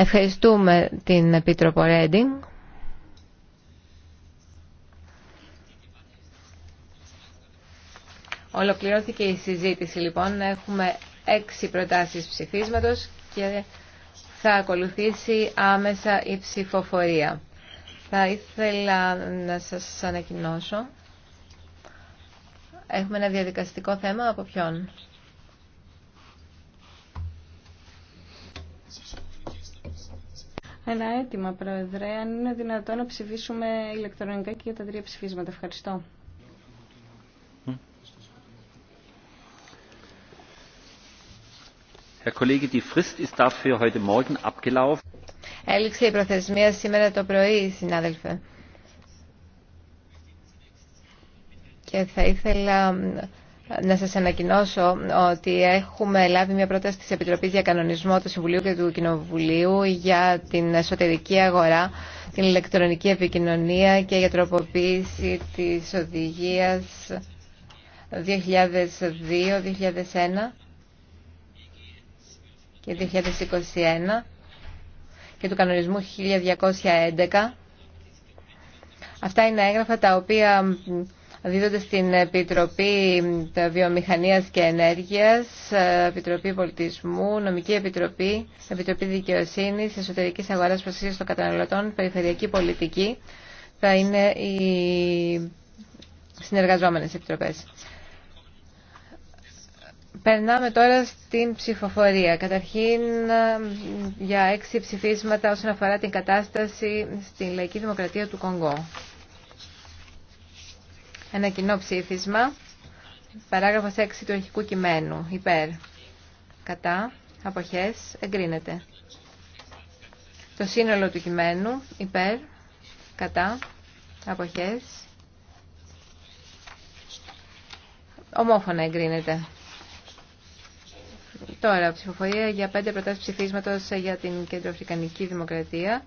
Ευχαριστούμε την Επίτροπο Ρέντινγκ. Ολοκληρώθηκε η συζήτηση λοιπόν. Έχουμε έξι προτάσεις ψηφίσματος και θα ακολουθήσει άμεσα η ψηφοφορία. Θα ήθελα να σας ανακοινώσω. Έχουμε ένα διαδικαστικό θέμα από ποιον. Ένα αίτημα, Πρόεδρε, αν είναι δυνατόν να ψηφίσουμε ηλεκτρονικά και για τα τρία ψηφίσματα. Ευχαριστώ. Herr Έληξε η προθεσμία σήμερα το πρωί, συνάδελφε. Και θα ήθελα να σας ανακοινώσω ότι έχουμε λάβει μια πρόταση της Επιτροπής για κανονισμό του Συμβουλίου και του Κοινοβουλίου για την εσωτερική αγορά, την ηλεκτρονική επικοινωνία και για τροποποίηση της οδηγίας 2002-2001 και 2021 και του κανονισμού 1211. Αυτά είναι έγγραφα τα οποία δίδονται στην Επιτροπή Βιομηχανίας και Ενέργειας, Επιτροπή Πολιτισμού, Νομική Επιτροπή, Επιτροπή Δικαιοσύνης, Εσωτερικής Αγοράς Προστασίας των Καταναλωτών, Περιφερειακή Πολιτική. Θα είναι οι συνεργαζόμενες επιτροπές. Περνάμε τώρα στην ψηφοφορία. Καταρχήν για έξι ψηφίσματα όσον αφορά την κατάσταση στην Λαϊκή Δημοκρατία του Κονγκό. Ένα κοινό ψήφισμα, παράγραφος 6 του αρχικού κειμένου, υπέρ. Κατά, αποχές, εγκρίνεται. Το σύνολο του κειμένου, υπέρ, κατά, αποχές, ομόφωνα εγκρίνεται. Τώρα, ψηφοφορία για πέντε προτάσεις ψηφίσματος για την Κεντροαφρικανική Δημοκρατία.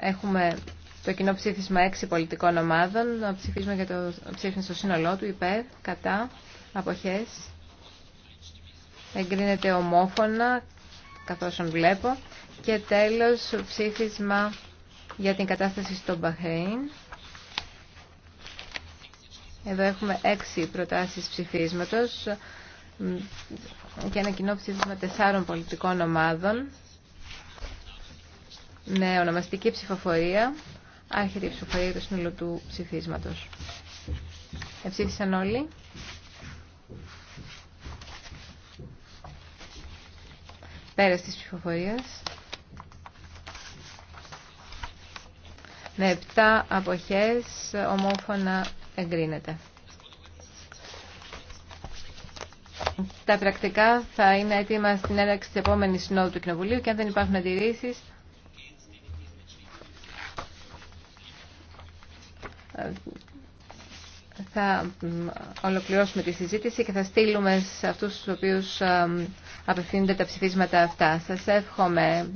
Έχουμε το κοινό ψήφισμα έξι πολιτικών ομάδων. ψήφισμα για το ψήφισμα στο σύνολό του υπέρ, κατά, αποχές. Εγκρίνεται ομόφωνα, καθώς βλέπω. Και τέλος ψήφισμα για την κατάσταση στο Μπαχρέιν. Εδώ έχουμε έξι προτάσεις ψηφίσματος και ένα κοινό ψήφισμα τεσσάρων πολιτικών ομάδων με ονομαστική ψηφοφορία. Άρχεται η ψηφοφορία για το του ψηφίσματο. Εψήφισαν όλοι. Πέρας της ψηφοφορίας. Με 7 αποχές ομόφωνα εγκρίνεται. Τα πρακτικά θα είναι έτοιμα στην έναρξη της επόμενης συνόδου του Κοινοβουλίου και αν δεν υπάρχουν αντιρρήσεις θα ολοκληρώσουμε τη συζήτηση και θα στείλουμε σε αυτούς τους οποίους απευθύνονται τα ψηφίσματα αυτά. Σας εύχομαι